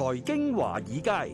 財經華爾街，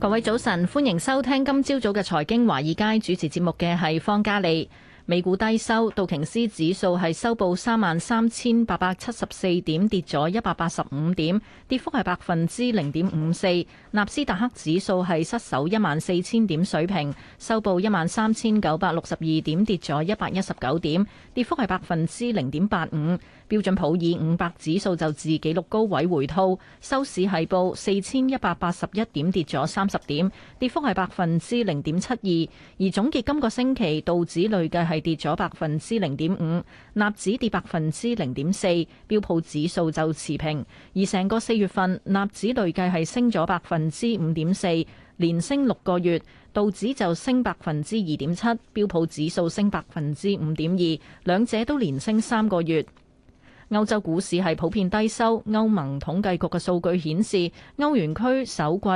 各位早晨，歡迎收聽今朝早嘅財經華爾街，主持節目嘅係方嘉利，美股低收，道瓊斯指數係收報三萬三千八百七十四點，跌咗一百八十五點，跌幅係百分之零點五四。納斯達克指數係失守一萬四千點水平，收報一萬三千九百六十二點，跌咗一百一十九點，跌幅係百分之零點八五。標準普爾五百指數就自紀錄高位回吐，收市係報四千一百八十一點，跌咗三十點，跌幅係百分之零點七二。而總結今個星期道指累計係跌咗百分之零點五，納指跌百分之零點四，標普指數就持平。而成個四月份納指累計係升咗百分之五點四，連升六個月；道指就升百分之二點七，標普指數升百分之五點二，兩者都連升三個月。歐洲股市係普遍低收，歐盟統計局嘅數據顯示，歐元區首季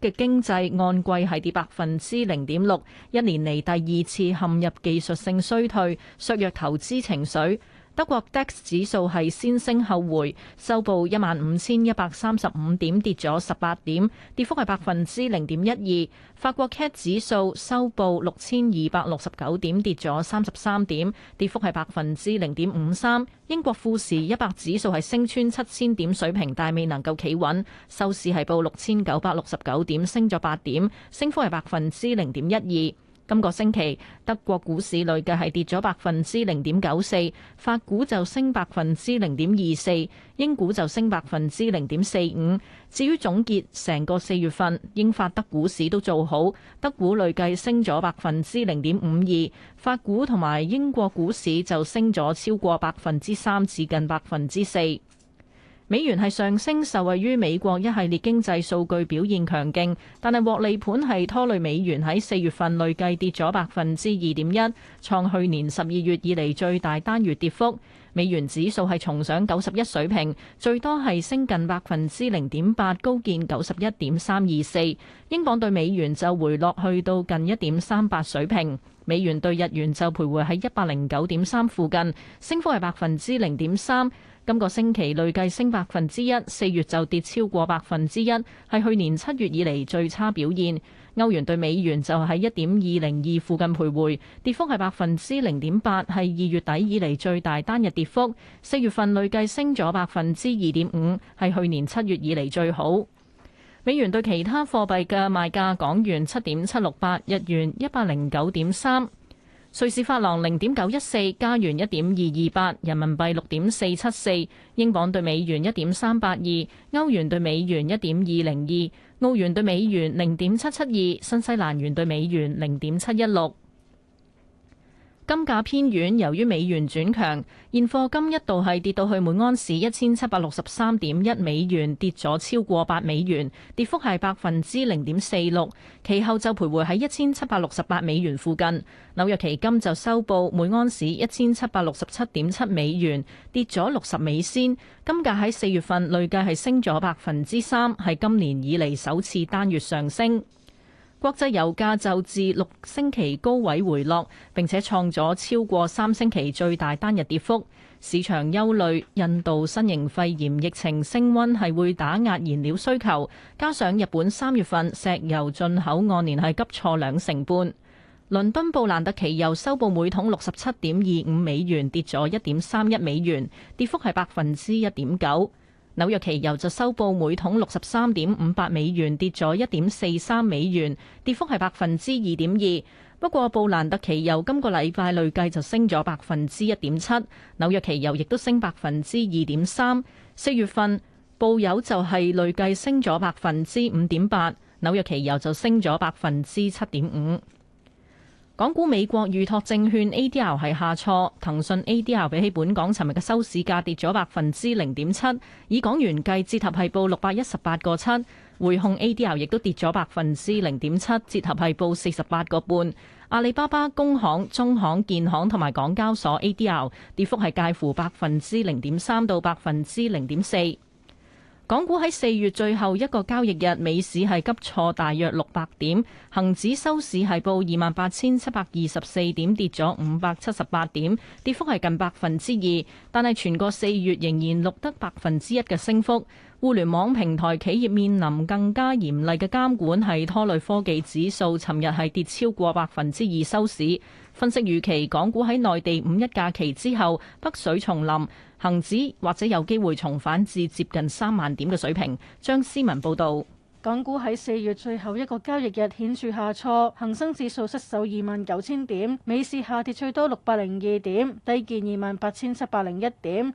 嘅經濟按季係跌百分之零點六，一年嚟第二次陷入技術性衰退，削弱投資情緒。德國 DAX 指數係先升後回，收報一萬五千一百三十五點，跌咗十八點，跌幅係百分之零點一二。法國 CAC 指數收報六千二百六十九點，跌咗三十三點，跌幅係百分之零點五三。英國富時一百指數係升穿七千點水平，但未能夠企穩，收市係報六千九百六十九點，升咗八點，升幅係百分之零點一二。今個星期，德國股市累計係跌咗百分之零點九四，法股就升百分之零點二四，英股就升百分之零點四五。至於總結，成個四月份，英法德股市都做好，德股累計升咗百分之零點五二，法股同埋英國股市就升咗超過百分之三至近百分之四。美元係上升，受惠於美國一系列經濟數據表現強勁，但係獲利盤係拖累美元喺四月份累計跌咗百分之二點一，創去年十二月以嚟最大單月跌幅。美元指數係重上九十一水平，最多係升近百分之零點八，高見九十一點三二四。英鎊對美元就回落去到近一點三八水平，美元對日元就徘徊喺一百零九點三附近，升幅係百分之零點三。今個星期累計升百分之一，四月就跌超過百分之一，係去年七月以嚟最差表現。歐元對美元就喺一點二零二附近徘徊，跌幅係百分之零點八，係二月底以嚟最大單日跌幅。四月份累計升咗百分之二點五，係去年七月以嚟最好。美元對其他貨幣嘅賣價，港元七點七六八，日元一百零九點三。瑞士法郎零點九一四，加元一點二二八，人民幣六點四七四，英鎊兌美元一點三八二，歐元兌美元一點二零二，澳元兌美元零點七七二，新西蘭元兌美元零點七一六。金價偏軟，由於美元轉強，現貨金一度係跌到去每安士一千七百六十三點一美元，跌咗超過八美元，跌幅係百分之零點四六。其後就徘徊喺一千七百六十八美元附近。紐約期金就收報每安士一千七百六十七點七美元，跌咗六十美仙。金價喺四月份累計係升咗百分之三，係今年以嚟首次單月上升。國際油價就至六星期高位回落，並且創咗超過三星期最大單日跌幅。市場憂慮印度新型肺炎疫情升温係會打壓燃料需求，加上日本三月份石油進口按年係急挫兩成半。倫敦布蘭特期油收報每桶六十七點二五美元，跌咗一點三一美元，跌幅係百分之一點九。紐約期油就收報每桶六十三點五八美元，跌咗一點四三美元，跌幅係百分之二點二。不過布蘭特期油今個禮拜累計就升咗百分之一點七，紐約期油亦都升百分之二點三。四月份布油就係累計升咗百分之五點八，紐約期油就升咗百分之七點五。港股、美國預託證券 ADR 係下挫，騰訊 ADR 比起本港尋日嘅收市價跌咗百分之零點七，以港元計，折合係報六百一十八個七；匯控 ADR 亦都跌咗百分之零點七，折合係報四十八個半。阿里巴巴、工行、中行、建行同埋港交所 ADR 跌幅係介乎百分之零點三到百分之零點四。港股喺四月最後一個交易日，美市係急挫大約六百點，恒指收市係報二萬八千七百二十四點，跌咗五百七十八點，跌幅係近百分之二。但係全個四月仍然錄得百分之一嘅升幅。互聯網平台企業面臨更加嚴厲嘅監管，係拖累科技指數，尋日係跌超過百分之二收市。分析預期港股喺內地五一假期之後北水重臨，恒指或者有機會重返至接近三萬點嘅水平。張思文報導，港股喺四月最後一個交易日顯著下挫，恒生指數失守二萬九千點，美市下跌最多六百零二點，低見二萬八千七百零一點。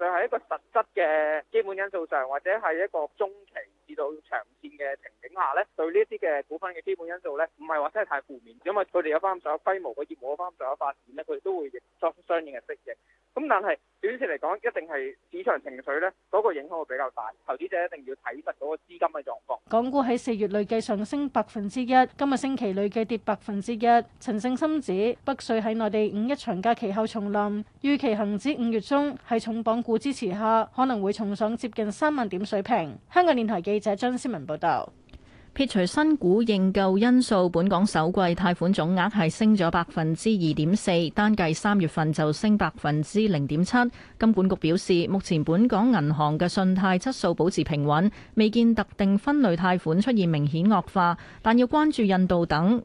就係一個實質嘅基本因素上，或者係一個中期至到長線嘅情景下咧，對呢啲嘅股份嘅基本因素咧，唔係話真係太負面，因為佢哋有翻咁多規模嘅業務，有翻咁有發展咧，佢哋都會作出相應嘅適應。咁但係，講一定係市場情緒呢嗰、嗰個影響會比較大。投資者一定要睇實嗰個資金嘅狀況。港股喺四月累計上升百分之一，今個星期累計跌百分之一。陳盛深指北水喺內地五一長假期後重臨，預期恆指五月中喺重磅股支持下，可能會重上接近三萬點水平。香港電台記者張思文報道。撇除新股認購因素，本港首季貸款總額係升咗百分之二點四，單計三月份就升百分之零點七。金管局表示，目前本港銀行嘅信貸質素保持平穩，未見特定分類貸款出現明顯惡化，但要關注印度等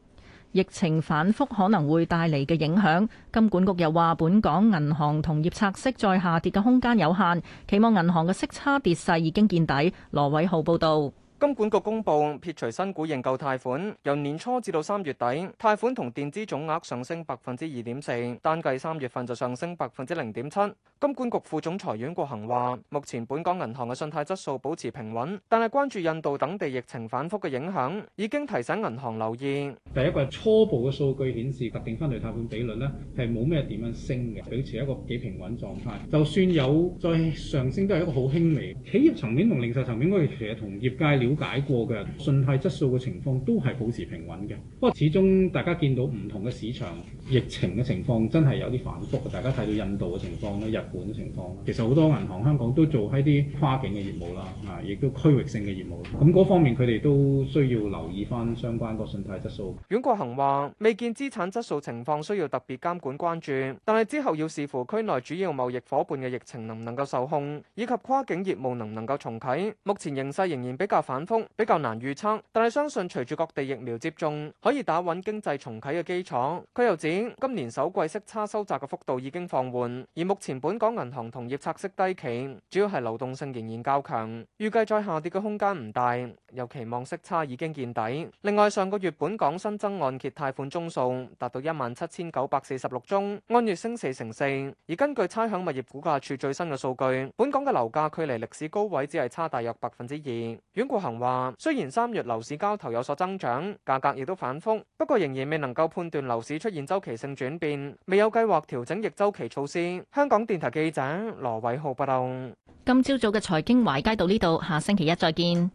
疫情反復可能會帶嚟嘅影響。金管局又話，本港銀行同業拆息再下跌嘅空間有限，期望銀行嘅息差跌勢已經見底。羅偉浩報道。金管局公布撇除新股認購貸款，由年初至到三月底，貸款同墊資總額上升百分之二點四，單計三月份就上升百分之零點七。金管局副總裁阮國恒話，目前本港銀行嘅信貸質素保持平穩，但係關注印度等地疫情反覆嘅影響，已經提醒銀行留意。第一個初步嘅數據顯示，特定分類貸款比率咧係冇咩點樣升嘅，保持一個幾平穩狀態。就算有再上升都係一個好輕微。企業層面同零售層面，我哋其實同業界。了解過嘅信貸質素嘅情況都係保持平穩嘅，不過始終大家見到唔同嘅市場疫情嘅情況真係有啲反覆，大家睇到印度嘅情況咧、日本嘅情況，其實好多銀行香港都做喺啲跨境嘅業務啦，啊亦都區域性嘅業務，咁嗰方面佢哋都需要留意翻相關個信貸質素。阮國恒話未見資產質素情況需要特別監管關注，但係之後要視乎區內主要貿易伙伴嘅疫情能唔能夠受控，以及跨境業務能唔能夠重啟，目前形勢仍然比較。反覆比較難預測，但係相信隨住各地疫苗接種，可以打穩經濟重啟嘅基礎。佢又指今年首季息差收窄嘅幅度已經放緩，而目前本港銀行同業拆息低企，主要係流動性仍然較強，預計再下跌嘅空間唔大，尤其望息差已經見底。另外，上個月本港新增按揭貸款宗數達到一萬七千九百四十六宗，按月升四成四，而根據差餉物業估價處最新嘅數據，本港嘅樓價距離歷史高位只係差大約百分之二，遠過。話雖然三月樓市交投有所增長，價格亦都反覆，不過仍然未能夠判斷樓市出現周期性轉變，未有計劃調整逆周期措施。香港電台記者羅偉浩報道。今朝早嘅財經華爾街到呢度，下星期一再見。